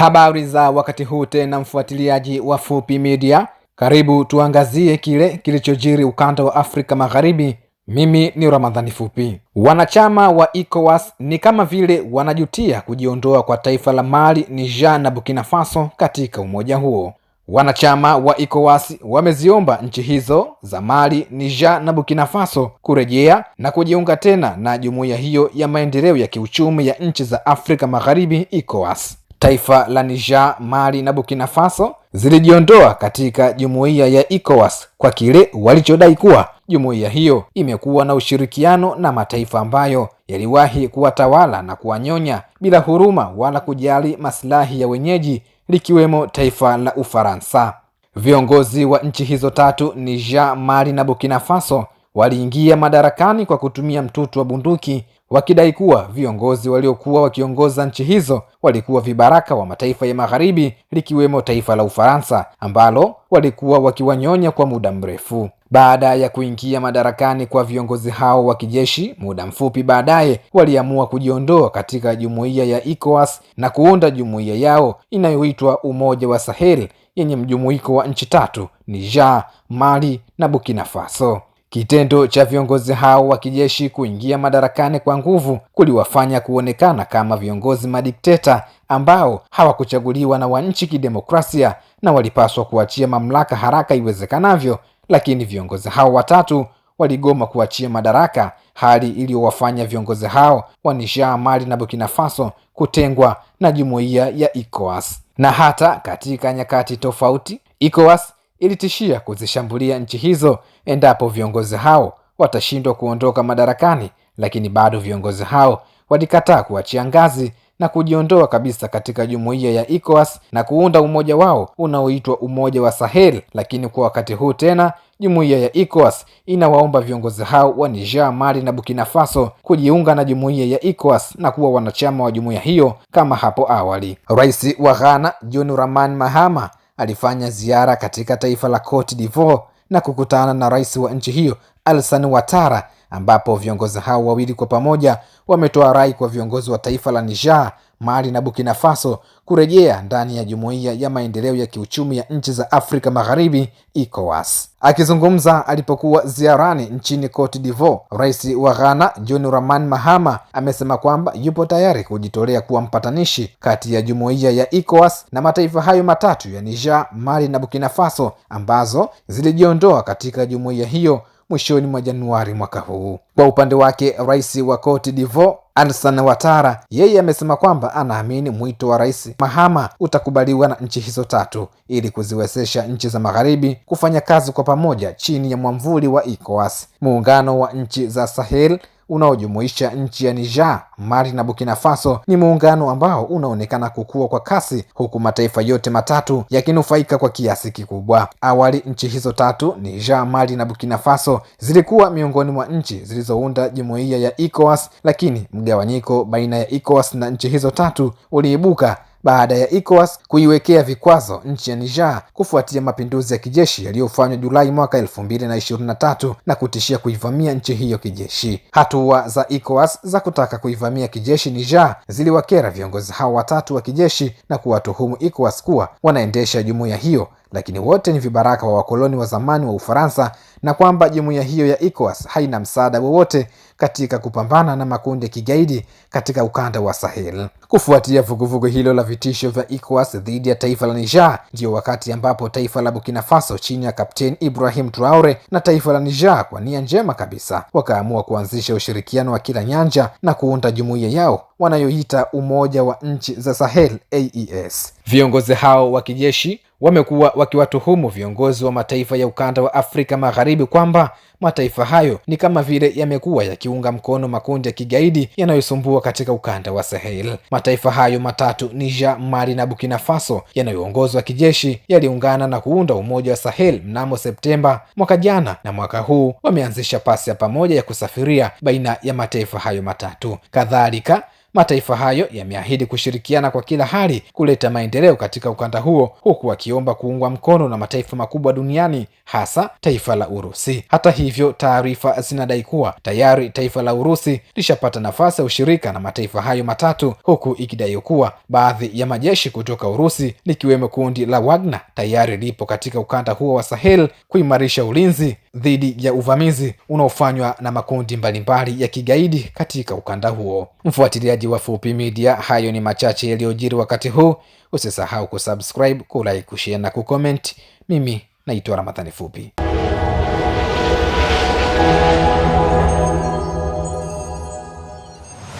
Habari za wakati huu tena, mfuatiliaji wa Fupi Media, karibu tuangazie kile kilichojiri ukanda wa Afrika Magharibi. Mimi ni Ramadhani Fupi. Wanachama wa ECOWAS ni kama vile wanajutia kujiondoa kwa taifa la Mali, Niger na Burkina Faso katika umoja huo. Wanachama wa ECOWAS wameziomba nchi hizo za Mali, Niger na Burkina Faso kurejea na kujiunga tena na jumuiya hiyo ya maendeleo ya kiuchumi ya nchi za Afrika Magharibi ECOWAS taifa la Niger, Mali na Burkina Faso zilijiondoa katika jumuiya ya ECOWAS kwa kile walichodai kuwa jumuiya hiyo imekuwa na ushirikiano na mataifa ambayo yaliwahi kuwatawala na kuwanyonya bila huruma wala kujali masilahi ya wenyeji likiwemo taifa la Ufaransa. Viongozi wa nchi hizo tatu, Niger, Mali na Burkina Faso, waliingia madarakani kwa kutumia mtutu wa bunduki wakidai kuwa viongozi waliokuwa wakiongoza nchi hizo walikuwa vibaraka wa mataifa ya Magharibi, likiwemo taifa la Ufaransa ambalo walikuwa wakiwanyonya kwa muda mrefu. Baada ya kuingia madarakani kwa viongozi hao wa kijeshi, muda mfupi baadaye waliamua kujiondoa katika jumuiya ya ECOWAS na kuunda jumuiya yao inayoitwa Umoja wa Sahel yenye mjumuiko wa nchi tatu: Niger, Mali na Burkina Faso. Kitendo cha viongozi hao wa kijeshi kuingia madarakani kwa nguvu kuliwafanya kuonekana kama viongozi madikteta ambao hawakuchaguliwa na wananchi kidemokrasia na walipaswa kuachia mamlaka haraka iwezekanavyo, lakini viongozi hao watatu waligoma kuachia madaraka, hali iliyowafanya viongozi hao wa Niger, Mali na Burkina Faso kutengwa na jumuiya ya ECOWAS. Na hata katika nyakati tofauti ECOWAS ilitishia kuzishambulia nchi hizo endapo viongozi hao watashindwa kuondoka madarakani, lakini bado viongozi hao walikataa kuachia ngazi na kujiondoa kabisa katika jumuiya ya ECOWAS na kuunda umoja wao unaoitwa Umoja wa Sahel. Lakini kwa wakati huu tena jumuiya ya ECOWAS inawaomba viongozi hao wa Niger, Mali na Burkina Faso kujiunga na jumuiya ya ECOWAS na kuwa wanachama wa jumuiya hiyo kama hapo awali. Rais wa Ghana John Dramani Mahama alifanya ziara katika taifa la Cote d'Ivoire na kukutana na rais wa nchi hiyo Alassane Ouattara ambapo viongozi hao wawili kwa pamoja wametoa rai kwa viongozi wa taifa la Niger Mali na Burkina Faso kurejea ndani ya jumuiya ya maendeleo ya kiuchumi ya nchi za Afrika Magharibi ECOWAS. Akizungumza alipokuwa ziarani nchini Cote d'Ivoire, Rais wa Ghana John Dramani Mahama amesema kwamba yupo tayari kujitolea kuwa mpatanishi kati ya jumuiya ya ECOWAS na mataifa hayo matatu ya Niger, Mali na Burkina Faso ambazo zilijiondoa katika jumuiya hiyo mwishoni mwa Januari mwaka huu. Kwa upande wake, Rais wa Cote d'Ivoire Anderson Watara yeye amesema kwamba anaamini mwito wa Rais Mahama utakubaliwa na nchi hizo tatu ili kuziwezesha nchi za magharibi kufanya kazi kwa pamoja chini ya mwamvuli wa ECOWAS, muungano wa nchi za Sahel unaojumuisha nchi ya Niger, Mali na Burkina Faso ni muungano ambao unaonekana kukua kwa kasi huku mataifa yote matatu yakinufaika kwa kiasi kikubwa. Awali nchi hizo tatu, Niger, Mali na Burkina Faso, zilikuwa miongoni mwa nchi zilizounda jumuiya ya ECOWAS, lakini mgawanyiko baina ya ECOWAS na nchi hizo tatu uliibuka baada ya ECOWAS kuiwekea vikwazo nchi ya Niger kufuatia mapinduzi ya kijeshi yaliyofanywa Julai mwaka elfu mbili na ishirini na tatu na kutishia kuivamia nchi hiyo kijeshi. Hatua za ECOWAS za kutaka kuivamia kijeshi Niger ziliwakera viongozi hao watatu wa kijeshi na kuwatuhumu ECOWAS kuwa wanaendesha jumuiya hiyo lakini wote ni vibaraka wa wakoloni wa zamani wa Ufaransa na kwamba jumuiya hiyo ya ECOWAS haina msaada wowote katika kupambana na makundi ya kigaidi katika ukanda wa Sahel. Kufuatia vuguvugu hilo la vitisho vya ECOWAS dhidi ya taifa la Niger, ndiyo wakati ambapo taifa la Burkina Faso chini ya Kapteni Ibrahim Traore na taifa la Niger kwa nia njema kabisa wakaamua kuanzisha ushirikiano wa kila nyanja na kuunda jumuiya yao wanayoita Umoja wa Nchi za Sahel AES. Viongozi hao wa kijeshi wamekuwa wakiwatuhumu viongozi wa mataifa ya ukanda wa Afrika Magharibi kwamba mataifa hayo ni kama vile yamekuwa yakiunga mkono makundi ya kigaidi yanayosumbua katika ukanda wa Sahel. Mataifa hayo matatu, Niger, Mali na Burkina Faso, yanayoongozwa kijeshi yaliungana na kuunda Umoja wa Sahel mnamo Septemba mwaka jana, na mwaka huu wameanzisha pasi ya pamoja ya kusafiria baina ya mataifa hayo matatu. Kadhalika Mataifa hayo yameahidi kushirikiana kwa kila hali kuleta maendeleo katika ukanda huo, huku wakiomba kuungwa mkono na mataifa makubwa duniani, hasa taifa la Urusi. Hata hivyo, taarifa zinadai kuwa tayari taifa la Urusi lishapata nafasi ya ushirika na mataifa hayo matatu, huku ikidai kuwa baadhi ya majeshi kutoka Urusi likiwemo kundi la Wagner tayari lipo katika ukanda huo wa Sahel kuimarisha ulinzi dhidi ya uvamizi unaofanywa na makundi mbalimbali ya kigaidi katika ukanda huo watazamaji wa Fupi Media, hayo ni machache yaliyojiri wakati huu. Usisahau kusubscribe, kulike, kushare na kucomment. Mimi naitwa Ramadhani Fupi.